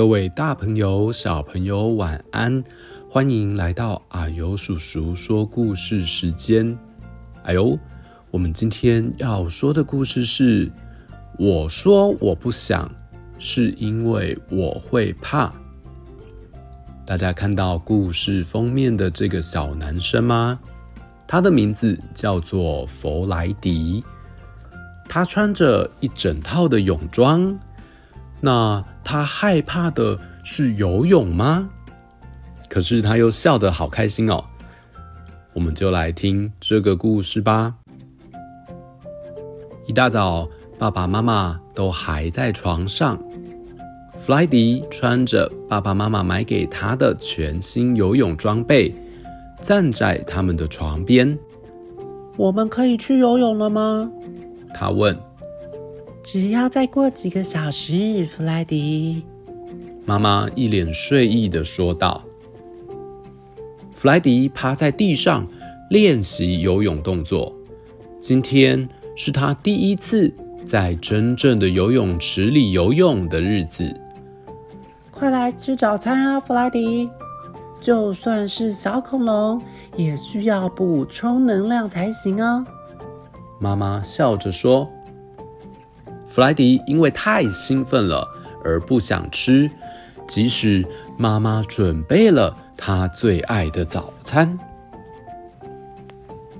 各位大朋友、小朋友，晚安！歡迎來到啊呦叔叔說故事時間。哎呦，我們今天要說的故事是：我說我不想，是因為我會怕。大家看到故事封面的這個小男生嗎？他的名字叫做佛萊迪，他穿着一整套的泳裝，那。他害怕的是游泳嗎？可是他又笑得好開心哦！我們就來聽這個故事吧。一大早，爸爸媽媽都還在床上。佛萊迪穿着爸爸媽媽買給他的全新游泳裝備，站在他們的床邊。“我們可以去游泳了嗎？”他問。只要再過幾個小時，佛萊迪。媽媽一臉睡意地說道。佛萊迪趴在地上練習游泳動作。今天是他第一次在真正的游泳池裡游泳的日子。快來吃早餐啊，佛萊迪！就算是小恐龍，也需要補充能量才行哦。媽媽笑着說。佛萊迪因為太興奮了，而不想吃，即使媽媽準備了他最愛的早餐。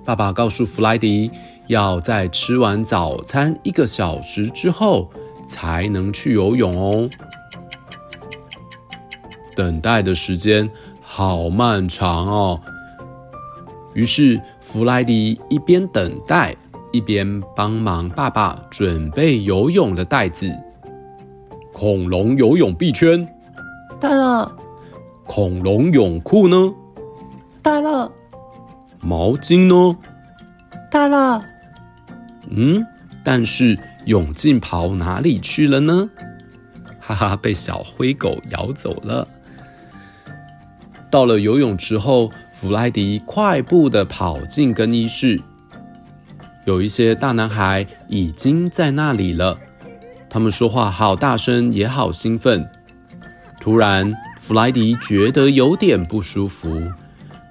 爸爸告訴佛萊迪，要在吃完早餐一個小時之後才能去游泳哦。等待的時間好漫長哦。於是佛萊迪一邊等待。一邊幫忙爸爸準備游泳的袋子，恐龍游泳臂圈？帶了，恐龍泳褲呢？帶了，毛巾呢？帶了。嗯，但是泳鏡跑哪裡去了呢？哈哈，被小灰狗咬走了。到了游泳池後，弗萊迪快步的跑進更衣室。有一些大男孩已經在那裡了，他們說話好大聲，也好興奮。突然，佛萊迪覺得有點不舒服，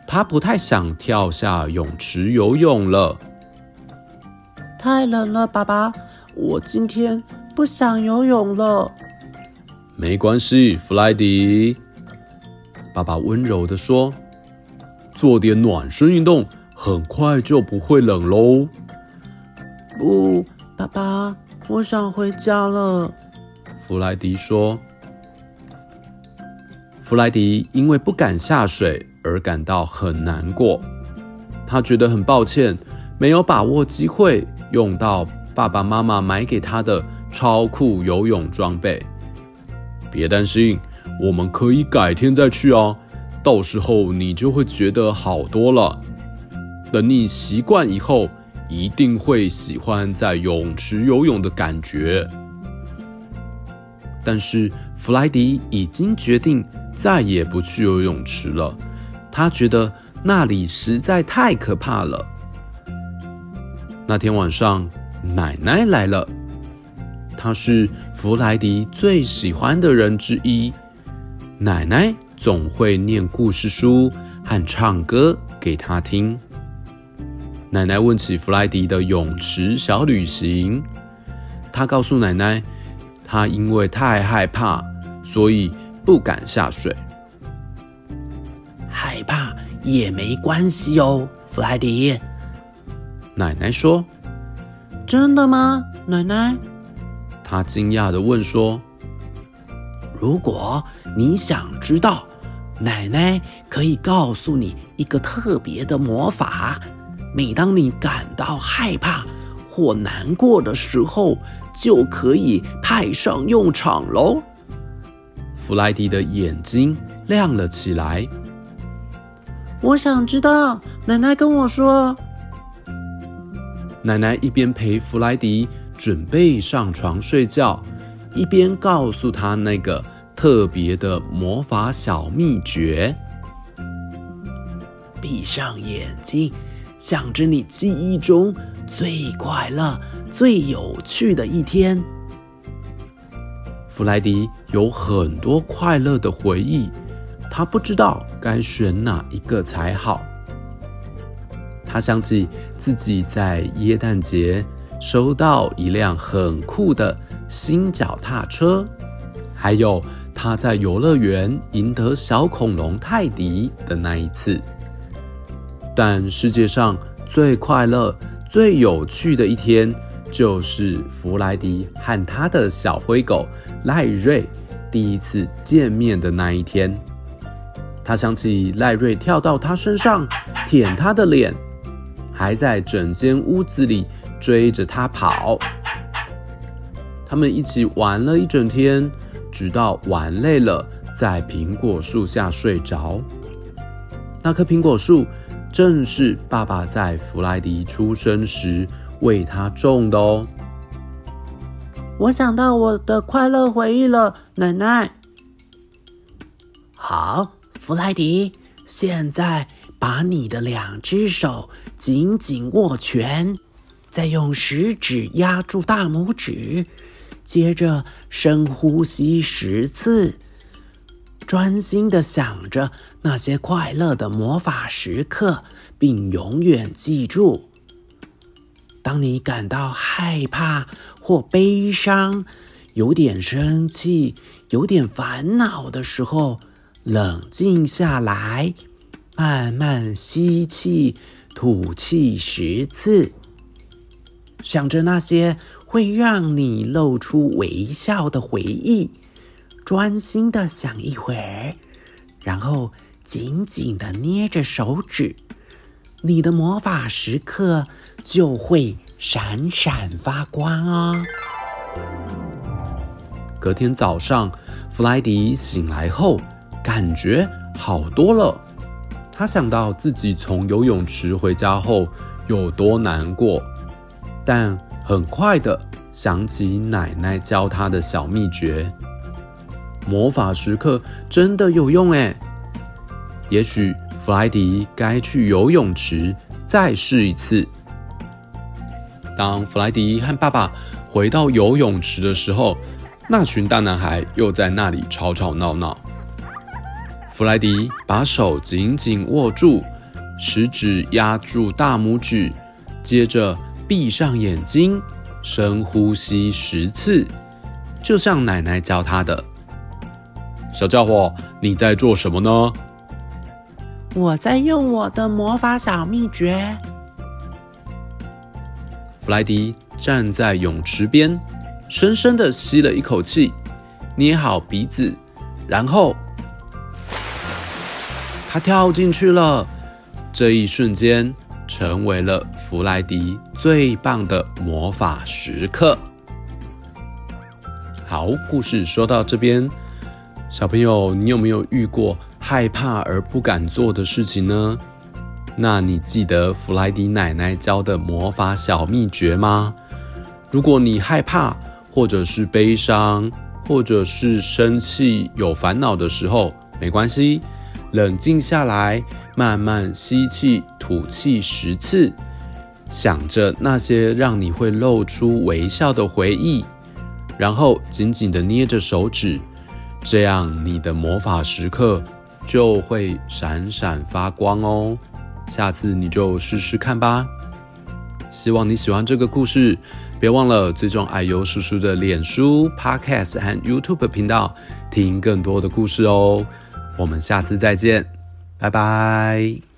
他不太想跳下泳池游泳了。太冷了，爸爸，我今天不想游泳了。沒關係，佛萊迪，爸爸溫柔地說：“做點暖身運動，很快就不會冷嘍。”嗚、哦、爸爸，我想回家了。佛萊迪說。佛萊迪因為不敢下水而感到很難過，他覺得很抱歉，沒有把握機會用到爸爸媽媽買給他的超酷游泳裝備。別擔心，我們可以改天再去哦、啊。到時候你就會覺得好多了。等你習慣以後。一定會喜歡在泳池游泳的感覺，但是佛萊迪已經決定再也不去游泳池了。他覺得那裡實在太可怕了。那天晚上，奶奶來了，她是佛萊迪最喜歡的人之一。奶奶總會念故事書和唱歌給他聽。奶奶問起佛萊迪的泳池小旅行，他告訴奶奶，他因為太害怕，所以不敢下水。害怕也沒關係哦，佛萊迪。奶奶說：“真的嗎，奶奶？”他驚訝地問說：“如果你想知道，奶奶可以告訴你一個特別的魔法。”每當你感到害怕或難過的時候，就可以派上用場嘍。弗萊迪的眼睛亮了起來。我想知道，奶奶跟我說，奶奶一邊陪弗萊迪準備上床睡覺，一邊告訴他那個特別的魔法小祕訣：閉上眼睛。想着你記憶中最快樂、最有趣的一天，弗萊迪有很多快樂的回憶，他不知道該選哪一個才好。他想起自己在耶誕節收到一輛很酷的新腳踏車，還有他在遊樂園贏得小恐龍泰迪的那一次。但世界上最快樂、最有趣的一天，就是佛萊迪和他的小灰狗賴瑞第一次見面的那一天。他想起賴瑞跳到他身上，舔他的臉，還在整間屋子裡追着他跑。他們一起玩了一整天，直到玩累了，在蘋果樹下睡着。那棵蘋果樹。正是爸爸在弗萊迪出生時為他種的哦。我想到我的快樂回憶了，奶奶。好，弗萊迪，現在把你的兩隻手緊緊握拳，再用食指壓住大拇指，接着深呼吸十次。專心地想着那些快樂的魔法時刻，並永遠記住。當你感到害怕或悲傷，有點生氣，有點煩惱的時候，冷靜下來，慢慢吸氣，吐氣十次。想着那些會讓你露出微笑的回憶。專心的想一會兒，然後緊緊的捏着手指，你的魔法時刻就會閃閃發光哦。隔天早上，弗萊迪醒來後感覺好多了。他想到自己從游泳池回家後有多難過，但很快的想起奶奶教他的小秘訣。魔法時刻真的有用誒，也許佛萊迪該去游泳池再試一次。當佛萊迪和爸爸回到游泳池的時候，那群大男孩又在那裡吵吵鬧鬧。佛萊迪把手緊緊握住，食指壓住大拇指，接着閉上眼睛，深呼吸十次，就像奶奶教他的。小家伙，你在做什麼呢？我在用我的魔法小秘訣。弗萊迪站在泳池邊，深深的吸了一口氣，捏好鼻子，然後他跳進去了。這一瞬間成為了弗萊迪最棒的魔法時刻。好，故事說到這邊。小朋友，你有沒有遇過害怕而不敢做的事情呢？那你記得佛萊迪奶奶教的魔法小祕訣嗎？如果你害怕，或者是悲傷，或者是生氣有煩惱的時候，沒關係，冷靜下來，慢慢吸氣、吐氣十次，想着那些讓你會露出微笑的回憶，然後緊緊地捏着手指。這樣，你的魔法時刻就會閃閃發光哦。下次你就試試看吧。希望你喜歡這個故事。別忘了追蹤啊呦叔叔的臉書、Podcast 和 YouTube 頻道，聽更多的故事哦。我們下次再見，拜拜。